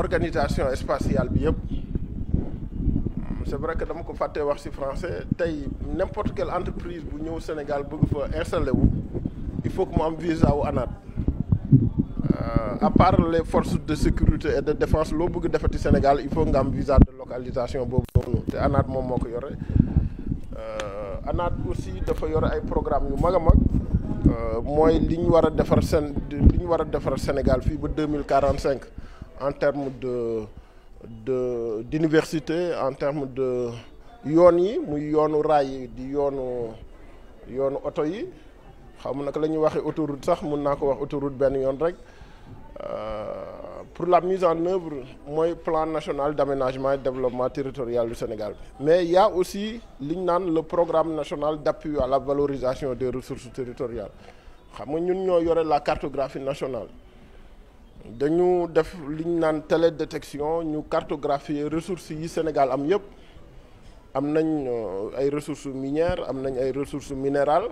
organisation spatiale bi yëpp mm, c'est vrai que dama ko fàtte wax ci français tey n'importe quelle entreprise bu ñëw Sénégal bëgg fa installé wu il faut que mu am visa wu ANAT euh, à part les forces de sécurité et de défense loo bëgg defar ci Sénégal il faut nga am visa de localisation boobu noonu te ANAT moom moo ko yore euh, anaat aussi dafa yore ay programme yu mag a mag euh, mooy li ñu war a defar seen li ñu war a defar Sénégal fii ba deux mille quarante cinq en terme de de d'université en terme de yoon yi muy yoonu raay yi di yoonu yoonu oto yi xam naka la ñuy waxee autoroute sax mun naa ko wax autoroute benn yoon rek euh, pour la mise en œuvre mooy plan national d'aménagement et développement territorial du Sénégal mais il aussi li ñu naan le programme national d'appui à la valorisation des ressources territoriales xam nga ñun ñoo yore la cartographie nationale dañu def li ñu naan télédétection ñu cartographier ressources yi Sénégal am yëpp am nañ euh, ay ressources minières am nañ ay ressources minérales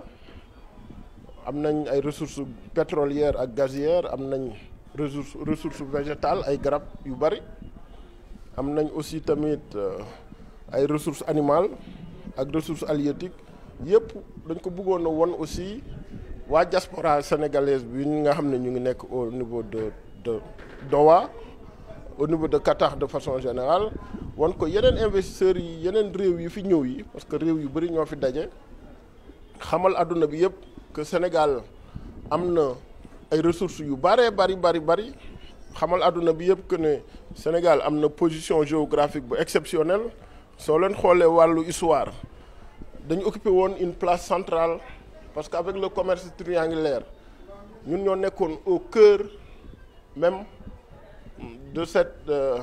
am nañ ay ressources pétrolières ak gazières am nañ ressource ressources végétale ay garab yu bari am nañ aussi tamit euh, ay ressources animales ak ressources halieutiques yëpp dañ ko bëggoon a won aussi waa diaspora sénégalaise bi ñu nga xam ne ñu ngi nekk au niveau de de Doha au niveau de Qatar de façon général wan ko yeneen investisseurs yi yeneen réew yi fi ñëw yi parce que réew yu bëri ñoo fi daje xamal adduna bi yëpp que Sénégal am na ay ressources yu bëree bari bari bari xamal àdduna bi yëpp que ne Sénégal am na position géographique bu exceptionnelle soo leen xoolee wàllu histoire dañu occupé woon une place centrale parce que avec le commerce triangulaire ñun ñoo nekkoon au cœur même de cette euh,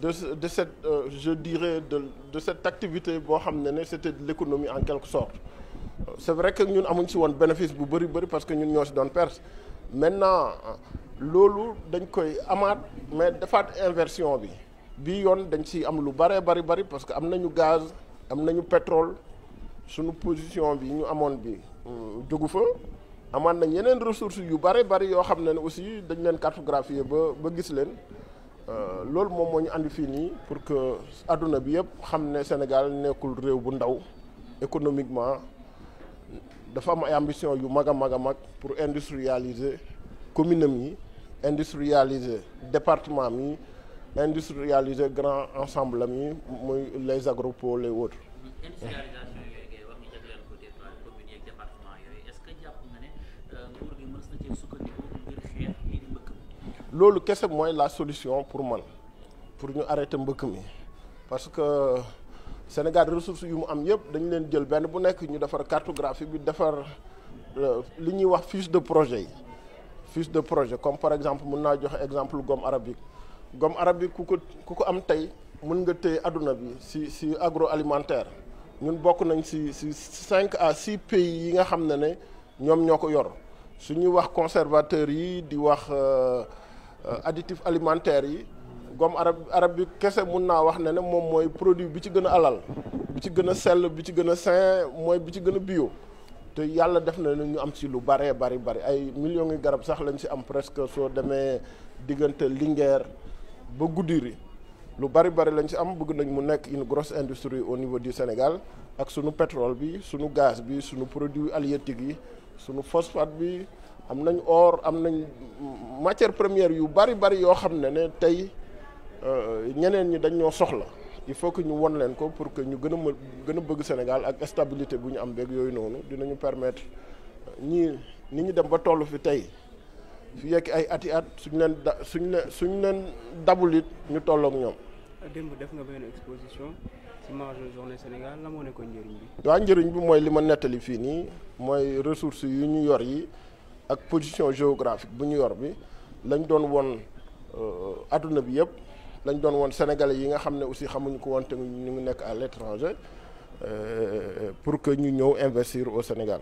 de de cette euh, je dirais de de cette activité boo xam ne ne c'était de l'économie en quelque sorte c'est vrai que ñun amuñ si woon bénéfice bu bari bari parce que ñun ñoo si doon perte maintenant loolu dañ koy amaat mais defaat inversion bi bii yoon dañ si am lu bëree bari bari parce que am nañu gaz am na ñu pétrole suñu position bi ñu amoon bi jógu euh, fa amaan nañ yeneen ressources yu bare bari yoo xam ne aussi dañ leen cartographier ba ba gis leen euh, loolu moom moo ñu andi fii nii pour que adduna bi yëpp xam ne Sénégal nekkul réew bu ndaw économiquement dafa am ay ambition yu mag a mag a mag pour industrialiser commune am yi industrialiser département am yi industrialiser grand ensemble am yi muy les agropoles et autres. industrialisation. loolu kese mooy la solution pour man pour ñu arrêter mbëkk mi parce que Sénégal ressources yu mu am yëpp dañu leen jël benn bu nekk ñu defar cartographie bi defar euh, li ñuy wax fiche de projet yi fiche de projet comme par exemple mun naa joxe exemple gomme arabique gomme arabique ku ko ku ko am tey mun nga tey adduna bi si si alimentaire ñun bokk nañ si si cinq à six pays yi nga xam ne ne ñoom ñoo ko yor su ñuy wax conservateur yi di wax euh, additif alimentaire yi gom arab arab bi kese mun naa wax ne ne moom mooy produit bi ci gën a alal bi ci gën a sell bi ci gën a sain mooy bi ci gën a bio te yàlla def na ñu am si lu bëree bari bari ay millions yi garab sax lañ ci am presque soo demee diggante Linguère ba guddiri lu bari bari lañ ci am bëgg nañ mu nekk une grosse industrie au niveau di Sénégal ak sunu pétrole bi sunu gaz bi sunu produit halieutiques yi sunu phosphate bi am nañ or am nañ matière première yu bari bari yoo xam ne ne tey euh, ñeneen ñi dañ ñoo soxla il faut que ñu won leen ko pour que ñu gën a mën gën a bëgg Sénégal ak stabilité bu ñu am beeg yooyu noonu dinañu permettre ñii ni ñu dem ba toll fi tey fi yekk ay ati at suñ leen da suñ leen suñ leen dabul it ñu tollook ñoom démb def nga benn exposition ci marge journée Sénégal la moo nekkoon njëriñ bi. waa njëriñ bi mooy li ma nettali fii nii mooy ressources yu ñu yor yi ak position géographique bu ñu yor bi lañ doon won euh, adduna bi yëpp lañ doon woon sénégalais yi nga xam ne aussi xamuñu ko woon te ñu ngi nekk à l'étranger euh, pour que ñu ñëw investir au Sénégal.